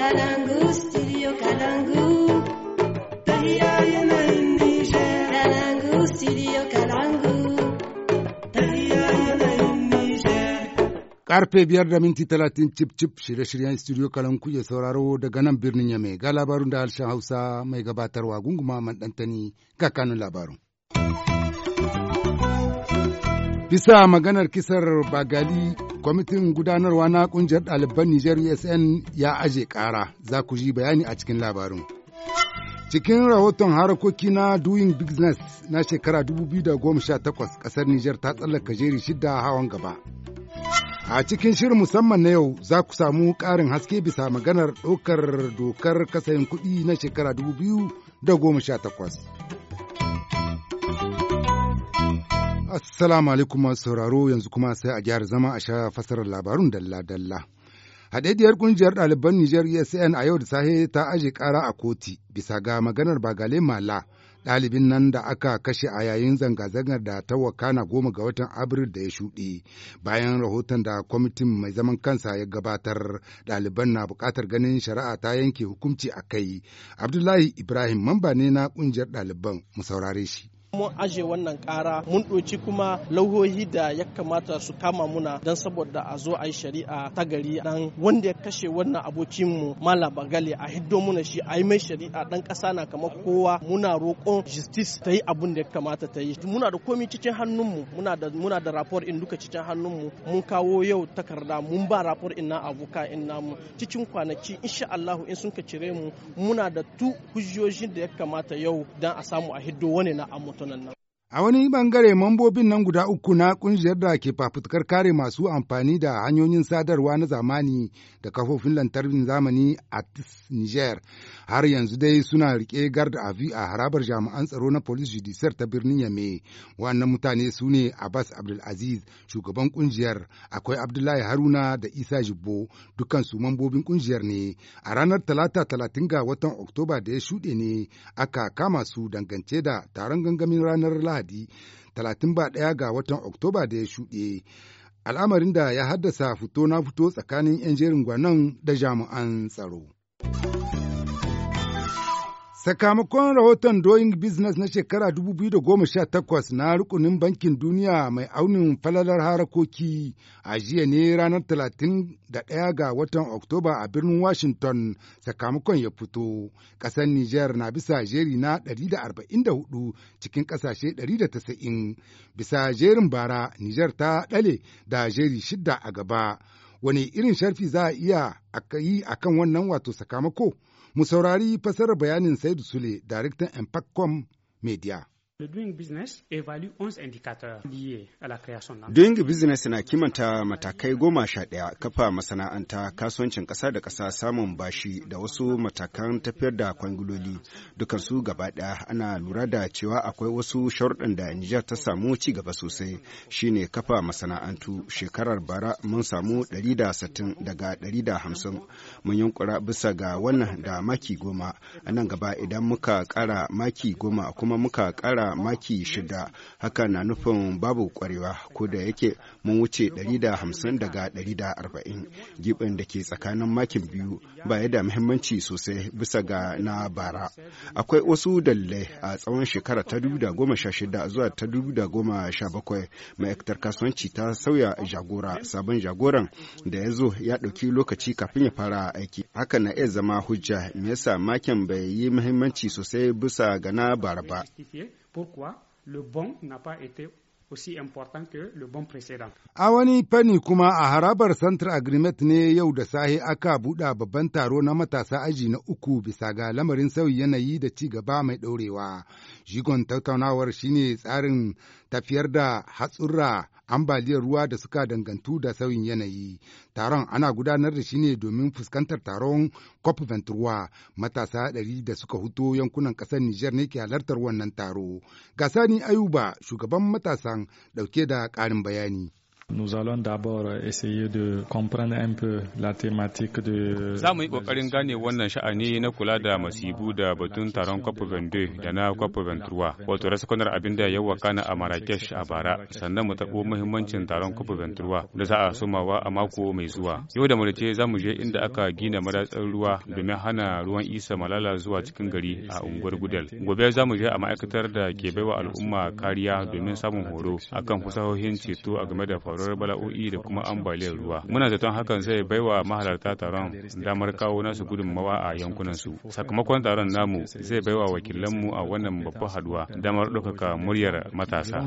Kalangu, studio studio Karfe biyar da minti talatin cip cip shirye-shiryen studio kalanku ya sauraro daga nan birnin Yame ga labarun da harshen Hausa mai gabatarwa gunguma man ɗantani ga kanun labarun. Bisa maganar kisar Bagali kwamitin gudanarwa na ƙungiyar ɗaliban Nijar USN ya aje ƙara, za ku ji bayani a cikin labarin. Cikin rahoton harkoki na Doing Business na shekara 2018 ƙasar Nijar ta tsallaka jeri shidda hawan gaba. A cikin shirin musamman na yau za ku samu ƙarin haske bisa maganar ɗaukar dokar kasayin kuɗi na shekara 2018. Assalamu alaikum sauraro yanzu kuma sai a gyara zama a sha fasarar labarun dalla-dalla. Haɗaɗiyar ƙungiyar ɗaliban Nijar ESN a yau da sahe ta aje ƙara a koti bisa ga maganar Bagale Mala ɗalibin nan da aka kashe a yayin zanga-zangar da ta wakana goma ga watan Abril da ya shuɗe bayan rahoton da kwamitin mai zaman kansa ya gabatar ɗaliban na buƙatar ganin shari'a ta yanke hukunci a kai. Abdullahi Ibrahim mamba ne na ƙungiyar ɗaliban mu saurare shi. mun aje wannan kara mun ɗoci kuma lauhohi da ya kamata su kama muna don saboda a zo a yi shari'a ta gari dan wanda ya kashe wannan abokinmu mala bagale a hiddo muna shi a yi mai shari'a dan ƙasa na kamar kowa muna roƙon justice ta yi abin da ya kamata ta yi muna da komi cikin hannunmu muna da muna da rapor in duka cikin hannunmu mun kawo yau takarda mun ba rapor in na abuka in namu cikin kwanaki insha Allah in sun ka cire mu muna da tu hujjojin da ya kamata yau dan a samu a hiddo wani na amu τον A wani bangare mambobin nan guda uku na kungiyar da ke fafutukar kare masu amfani da hanyoyin sadarwa na zamani da kafofin lantarkin zamani a Niger har yanzu dai suna rike garda avi a harabar jami'an tsaro na Police Judiciaire ta birnin Yame. Wannan mutane su ne Abbas Abdulaziz shugaban kungiyar akwai Abdullahi Haruna da Isa Jibbo dukansu mambobin kungiyar ne. A ranar talata talatin ga watan Oktoba da ya shuɗe ne aka kama su dangance da taron gangamin ranar Lahadi. Lahadi 31 ga watan Oktoba da ya shuɗe. Al'amarin da ya haddasa fito na fito tsakanin 'yan jerin gwanon da jami'an tsaro. Sakamakon rahoton Doing Business na shekara 2018 na rukunin Bankin Duniya mai aunin falalar harakoki a jiya ne ranar 31 ga watan Oktoba a birnin Washington sakamakon ya fito. Ƙasar Nijar na bisa jeri na 144 cikin ƙasashe 190. Bisa jerin bara, Nijar ta ɗale da jeri shidda a gaba. Wani irin sharfi za a iya yi akan wannan wato sakamako? Mu saurari fasarar bayanin Saidu Sule, daraktan Impactcom Media. The doing business Doing business na kimanta matakai goma sha ɗaya kafa masana'anta kasuwancin ƙasa da ƙasa samun bashi da wasu matakan tafiyar da kwangiloli dukansu gaba ɗaya ana lura da cewa akwai wasu sharuɗan da Nijar ta samu ci gaba sosai shine kafa masana'antu shekarar bara mun samu 160 daga 150 mun yunkura bisa ga wannan da maki goma a nan gaba idan muka ƙara maki goma kuma muka ƙara maki shida haka na nufin babu kwarewa ko da yake mun wuce 150 daga 140 gibin da ke tsakanin makin biyu ba ya da muhimmanci sosai bisa ga na bara akwai wasu dalilai a tsawon shekara ta 2016 zuwa ta 2017 ma'aikatar kasuwanci ta sauya jagora sabon jagoran da ya zo ya ɗauki lokaci kafin ya fara aiki haka na iya zama hujja me yasa makin bai yi muhimmanci sosai bisa ga na bara ba pourquoi le bon n'a pas été aussi important que le bon précédent. A wani fanni kuma a harabar Central Agreement ne yau da sahi aka buɗa babban taro na matasa aji na uku bisa ga lamarin sauyi yanayi da ci gaba mai ɗorewa. Jigon tattaunawar shine tsarin tafiyar da hatsurra ambaliyar ruwa da suka dangantu da sauyin yanayi. Taron ana gudanar da shi ne domin fuskantar taron COP ruwa matasa ɗari da suka huto yankunan ƙasar Nijar ne ke halartar wannan taro. Gasani Ayuba, shugaban matasan ɗauke da ƙarin bayani. Nous allons d'abord essayer de comprendre un peu la thématique de Za mu yi ƙoƙarin gane wannan sha'ani na kula da masibu da batun taron COP22 da na COP23 wato rasakunar abin da ya wakana a Marrakesh a bara sannan mu tabo muhimmancin taron COP23 da za a somawa a mako mai zuwa. Yau da mulace za mu je inda aka gina madatsar ruwa domin hana ruwan isa malala zuwa cikin gari a unguwar Gudel. Gobe za mu je a ma'aikatar da ke baiwa al'umma kariya domin samun horo akan fasahohin ceto a game da faruwar faruwar bala'o'i da kuma ambaliyar ruwa muna zaton hakan zai baiwa mahalarta taron damar kawo nasu gudunmawa a yankunansu sakamakon taron namu zai baiwa wakilanmu a wannan babbar haduwa damar ɗaukaka muryar matasa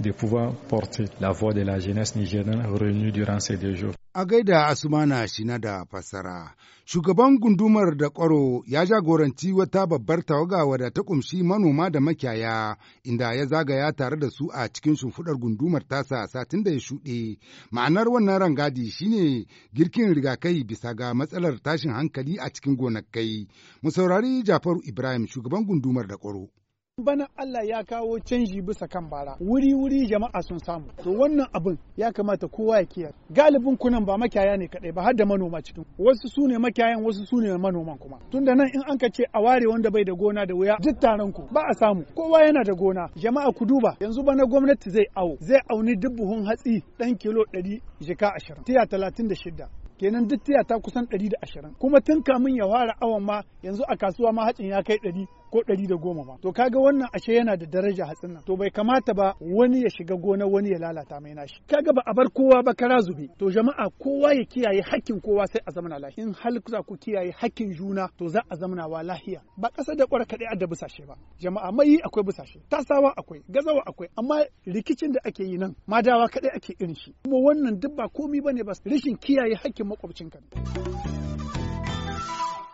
de pouvoir porter la voix de la jeunesse nigérienne réunie durant ces deux jours. A gaida Asumana Shina da fassara, shugaban gundumar da ƙwaro ya jagoranci wata babbar tawaga wadda ta ƙunshi manoma da makiyaya inda ya zagaya tare da su a cikin shimfiɗar gundumar tasa satin da ya shuɗe. Ma'anar wannan rangadi shine girkin rigakai bisa ga matsalar tashin hankali a cikin gonakai. Mu saurari Jafaru Ibrahim shugaban gundumar da ƙwaro. bana Allah ya kawo canji bisa kan bara wuri wuri jama'a sun samu to wannan abin ya kamata kowa ya kiyar galibin kunan ba makiyaya ne kadai ba har da manoma cikin wasu su ne makiyayan wasu su ne manoman kuma tunda nan in an ka ce a ware wanda bai da gona da wuya duk taron ku ba a samu kowa yana da gona jama'a ku duba yanzu bana gwamnati zai awo zai auni duk hatsi dan kilo 100 jika 20 tiya 36 kenan duk tiya ta kusan 120 kuma tun kamin ya fara awon ma yanzu a kasuwa ma hacin ya kai 100 ko ɗari da goma ba to kaga wannan ashe yana da daraja hatsin nan to bai kamata ba wani ya shiga gona wani ya lalata mai nashi kaga ba a bar kowa ba kara zube to jama'a kowa ya kiyaye hakkin kowa sai a zamana lahiya in hal za ku kiyaye hakkin juna to za a zamana wa lahiya. ba ƙasa da ƙwarar kaɗai da busashe ba jama'a mai akwai busashe tasawa akwai gazawa akwai amma rikicin da ake yi nan madawa kaɗai ake irin shi kuma wannan duk ba komi ne ba rashin kiyaye hakkin makwabcinka ne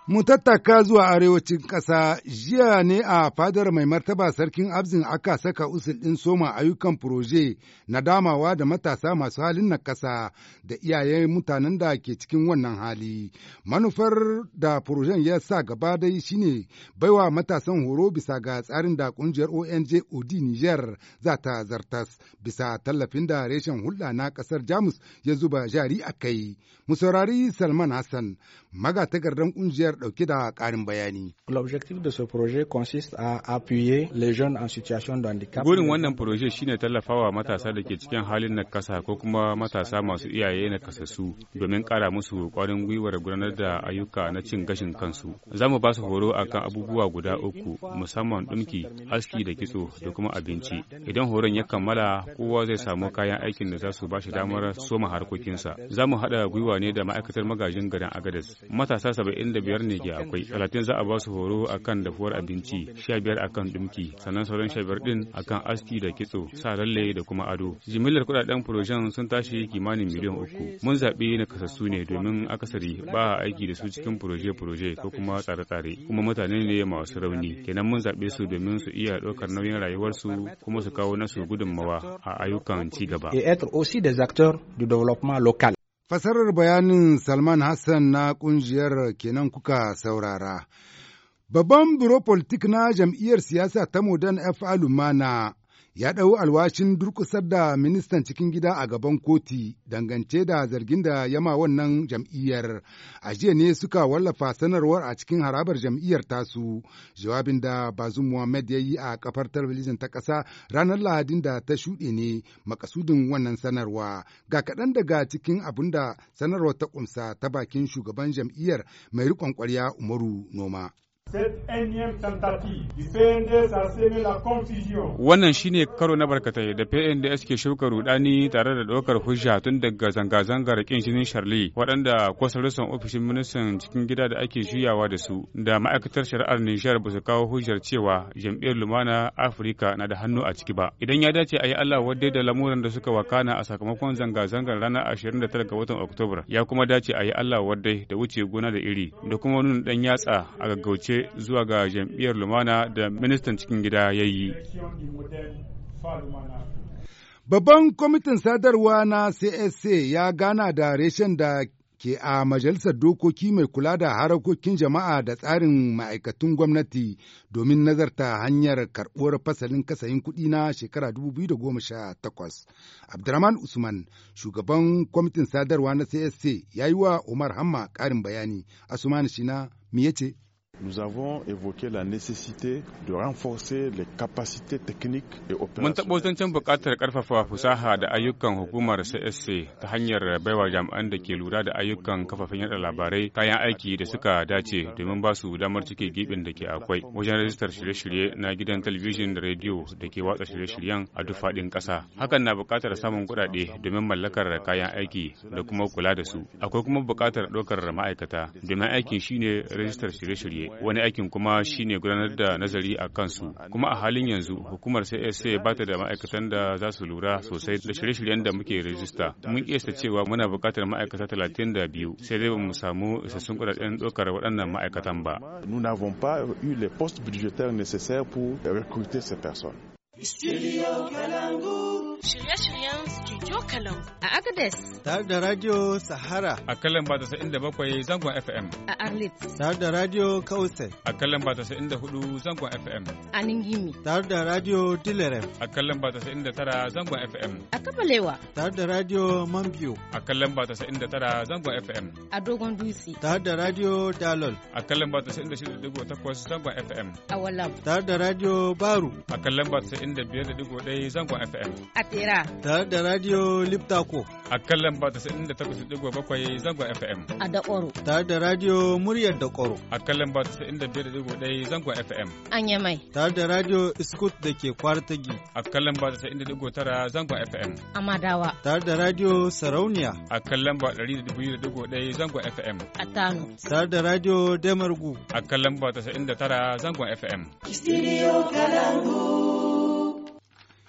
Mu tattaka zuwa arewacin ƙasa jiya ne a fadar mai martaba sarkin abzin aka saka usul ɗin soma ayyukan furoje na damawa da matasa masu halin na ƙasa da iyayen mutanen da ke cikin wannan hali. Manufar da furojen ya sa gaba dai shine baiwa matasan horo bisa ga tsarin da ƙungiyar ONG Odi Niger za ta zartas bisa tallafin da reshen hulɗa na ƙasar Jamus ya zuba jari a kai. Mu saurari Salman Hassan, magatakardan ƙungiyar ɗauki dauke da karin bayani. L'objectif de ce projet consiste à appuyer les jeunes en situation de handicap. Gurin wannan projet shine tallafawa matasa da ke cikin halin nakasa ko kuma matasa masu iyaye na kasassu domin kara musu kwarin gwiwar gudanar da ayyuka na cin gashin kansu. Za mu ba su horo kan abubuwa guda uku musamman dumki, aski da kitso da kuma abinci. Idan horon ya kammala kowa zai samu kayan aikin da za su ba shi damar soma harkokinsa. Za mu haɗa gwiwa ne da ma'aikatar magajin garin Agadez. Matasa saba'in da biyar ne ke akwai talatin za a ba su horo akan dafuwar abinci sha biyar akan dumki sannan sauran sha biyar din akan aski da kitso sa lalle da kuma ado jimillar kudaden furojen sun tashi kimanin miliyan uku mun zaɓi na kasassu ne domin akasari ba a aiki da su cikin furoje-furoje ko kuma tsare-tsare kuma mutane ne masu rauni kenan mun zaɓe su domin su iya ɗaukar nauyin rayuwarsu kuma su kawo nasu gudunmawa a ayyukan ci gaba. Et être aussi des acteurs du développement local. Fasarar bayanin Salman Hassan na ƙungiyar kenan kuka saurara. Babban buro Politik na jam'iyyar siyasa ta Modern F. Alumana ya ɗau alwashin durƙusar da ministan cikin gida a gaban koti dangance da zargin da yama wannan jam'iyyar. A jiya ne suka wallafa sanarwar a cikin harabar jam'iyyar tasu, jawabin da bazu Muhammad ya yi a kafar talabijin ta ƙasa ranar Lahadin da ta shuɗe ne makasudin wannan sanarwa. Ga kaɗan daga cikin abin da sanarwar ta ƙumsa ta bakin shugaban jam'iyyar mai riƙon ƙwarya Umaru Noma. Cette énième tentative du PNDS a semé la confusion. Wannan shine karo na barkatai da PNDS ke shuka rudani tare da dokar hujja tun daga zanga-zangar kin jinin Sharli waɗanda kwasarusan ofishin ministan cikin gida da ake juyawa da su da ma'aikatar shari'ar Nijar ba su kawo hujjar cewa jam'iyyar Lumana Afirka na da hannu a ciki ba. Idan ya dace a yi Allah wadda da lamuran da suka wakana a sakamakon zanga-zangar ranar 29 ga watan Oktoba ya kuma dace a yi Allah wadda da wuce gona da iri da kuma nuna dan yatsa a gaggauce zuwa ga jam'iyyar lumana da ministan cikin gida ya yi Babban kwamitin sadarwa na CSC ya gana da reshen da ke a Majalisar Dokoki mai kula da harakokin jama'a da tsarin ma'aikatun gwamnati domin nazarta hanyar karɓuwar fasalin kasayin kuɗi na shekara 2018. Abdurrahman Usman, shugaban kwamitin sadarwa na CSC, ya yi wa Umar Hamma ƙarin bayani, Asumani Shina, me yace? Nous avons évoqué la nécessité de renforcer les capacités techniques et opérationnelles. Mun tabo zancen buƙatar ƙarfafa fasaha da ayyukan hukumar CSC ta hanyar baiwa jami'an da ke lura da ayyukan kafafen yada labarai kayan aiki da suka dace domin ba su damar cike gibin da ke akwai wajen rajistar shirye-shirye na gidan talabijin da rediyo da ke watsa shirye-shiryen a duk faɗin ƙasa. Hakan na buƙatar samun kuɗaɗe domin mallakar kayan aiki da kuma kula da su. Akwai kuma buƙatar ɗaukar ma'aikata domin aikin shine rajistar shirye-shirye wani aikin kuma shine gudanar da nazari a kansu kuma a halin yanzu hukumar CSA ba ta da ma'aikatan da za su lura sosai da shirye-shiryen da muke rajista mun kiyasta cewa muna buƙatar ma'aikata talatin da biyu sai dai ba mu samu isassun kudaden ɗaukar waɗannan ma'aikatan ba. Nous n'avons pas eu les postes budgétaires nécessaires pour recruter ces personnes. Studio Kalangu. shirye-shiryen Studio Kalangu a Agadez. Tare da Radio Sahara. A kalan ba ta inda bakwai zangon FM. A Arlit. Tare da Radio Kausai. A kalan ba ta inda hudu zangon FM. A Ningimi. Tare da Radio Dilerem. A kalan ba ta inda tara zangon FM. A Kabalewa. Tare da Radio Mambiyo. A kalan ba ta inda tara zangon FM. A Dogon Dutse. Tare da Radio Dalol. A kalan ba ta inda shida dubu takwas zangon FM. A Walam. Tare da Radio Baru. A kalan ba ta inda biyar da digo ɗaya zangon FM. A Tera. Tare da Radio Liptako. A kan lamba bakwai zangon FM. A Dakoro. Tare da Radio Muryar Dakoro. A kan lamba 95.1 zangon FM. An Yamai. Tare da Radio Iskut da ke Kwartagi. A kan lamba tara zangon FM. A Madawa. Tare da Radio Sarauniya. A kan lamba 102.1 zangon FM. A Tano. Tare da Radio Demargu. A kan lamba tara zangon FM. Studio Kalangu.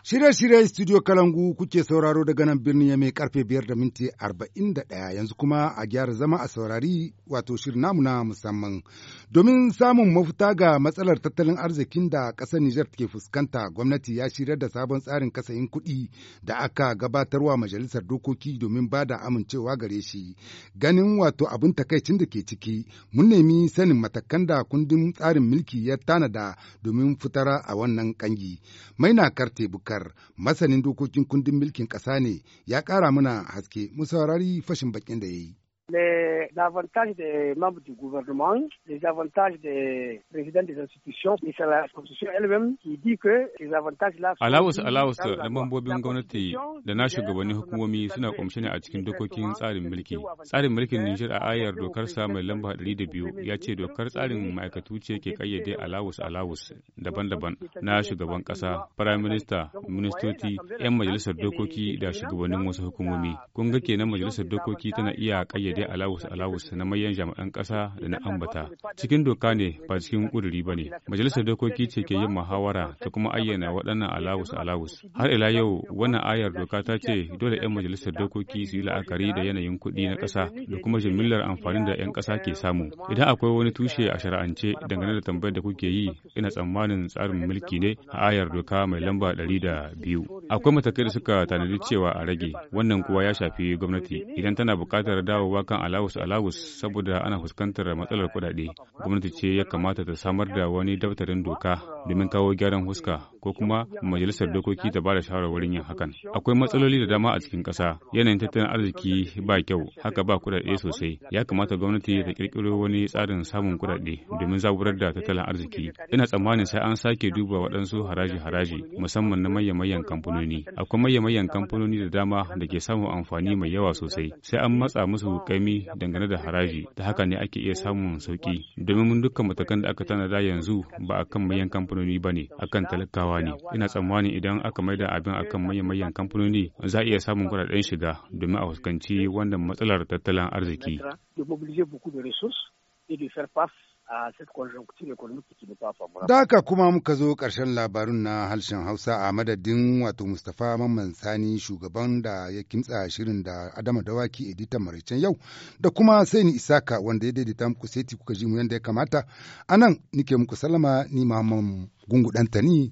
Shirye-shiryen Studio Kalangu kuke sauraro daga nan birnin ya mai karfe biyar da minti arba'in da ɗaya yanzu kuma a gyara zama a saurari wato shirin namu na musamman. Domin samun mafuta ga matsalar tattalin arzikin da ƙasar Nijar ke fuskanta gwamnati ya shirar da sabon tsarin kasayin kuɗi da aka gabatarwa majalisar dokoki domin ba da amincewa gare shi. Ganin wato abin takaicin da ke ciki mun nemi sanin matakan da kundin tsarin mulki ya tanada domin fitara a wannan kangi. Maina karte bukar Abubakar masanin dokokin kundin mulkin ƙasa ne ya ƙara mana haske mu saurari fashin bakin da ya yi. les avantages des membres du gouvernement, les avantages des présidents des institutions, et c'est la Constitution elle-même qui dit que ces avantages-là sont... Alawus, alawus na mambobin gwamnati da na shugabannin hukumomi suna kumshe ne a cikin dokokin tsarin mulki. Tsarin mulkin Nijar a ayar dokar sa mai lamba 102 ya ce dokar tsarin ma'aikatu ce ke kayyade alawus alawus daban-daban na shugaban kasa, prime minister, ministoci, 'yan majalisar dokoki da shugabannin wasu hukumomi. Kun ga kenan majalisar dokoki tana iya kayyade daidai alawus alawus na manyan jami'an ƙasa da na ambata cikin doka ne ba cikin ƙuduri ba ne majalisar dokoki ce ke yin muhawara ta kuma ayyana waɗannan alawus alawus har ila yau wannan ayar doka ta ce dole 'yan majalisar dokoki su yi la'akari da yanayin kuɗi na ƙasa da kuma jimillar amfanin da 'yan ƙasa ke samu idan akwai wani tushe a shari'ance dangane da tambayar da kuke yi ina tsammanin tsarin mulki ne a ayar doka mai lamba ɗari da biyu. Akwai matakai da suka tanadi cewa a rage, wannan kuwa ya shafi gwamnati idan tana buƙatar dawowa kan alawus alawus saboda ana fuskantar matsalar kudade Gwamnati ce ya kamata ta samar da wani daftarin doka domin kawo gyaran fuska. ko kuma majalisar dokoki ta ba da shawarwarin yin hakan. Akwai matsaloli da dama a cikin ƙasa, yanayin tattalin arziki ba kyau, haka ba kudade sosai. Ya kamata gwamnati ta kirkiro wani tsarin samun kudade domin zaburar da tattalin arziki. Ina tsammanin sai an sake duba waɗansu haraji-haraji musamman na manya-manyan kamfanoni. Akwai manya-manyan kamfanoni da dama da ke samun amfani mai yawa sosai. Sai an matsa musu kaimi dangane da haraji, ta haka ne ake iya samun sauki Domin mun dukkan matakan da aka tanada yanzu ba a kan manyan kamfanoni ba ne, akan talakawa tsammani ina tsammani idan aka maida abin akan manyan kamfanoni za a iya samun kuɗaɗen shiga domin a fuskanci wannan matsalar tattalin arziki da Daka kuma muka zo ƙarshen labarun na harshen Hausa a madadin wato Mustapha Mamman Sani shugaban da ya kimtsa shirin da Adama Dawaki editan maraicen yau da kuma Saini Isaka wanda ya daidaita muku seti kuka ji mu yanda ya kamata. A nan nike muku salama ni mamman Gungu ni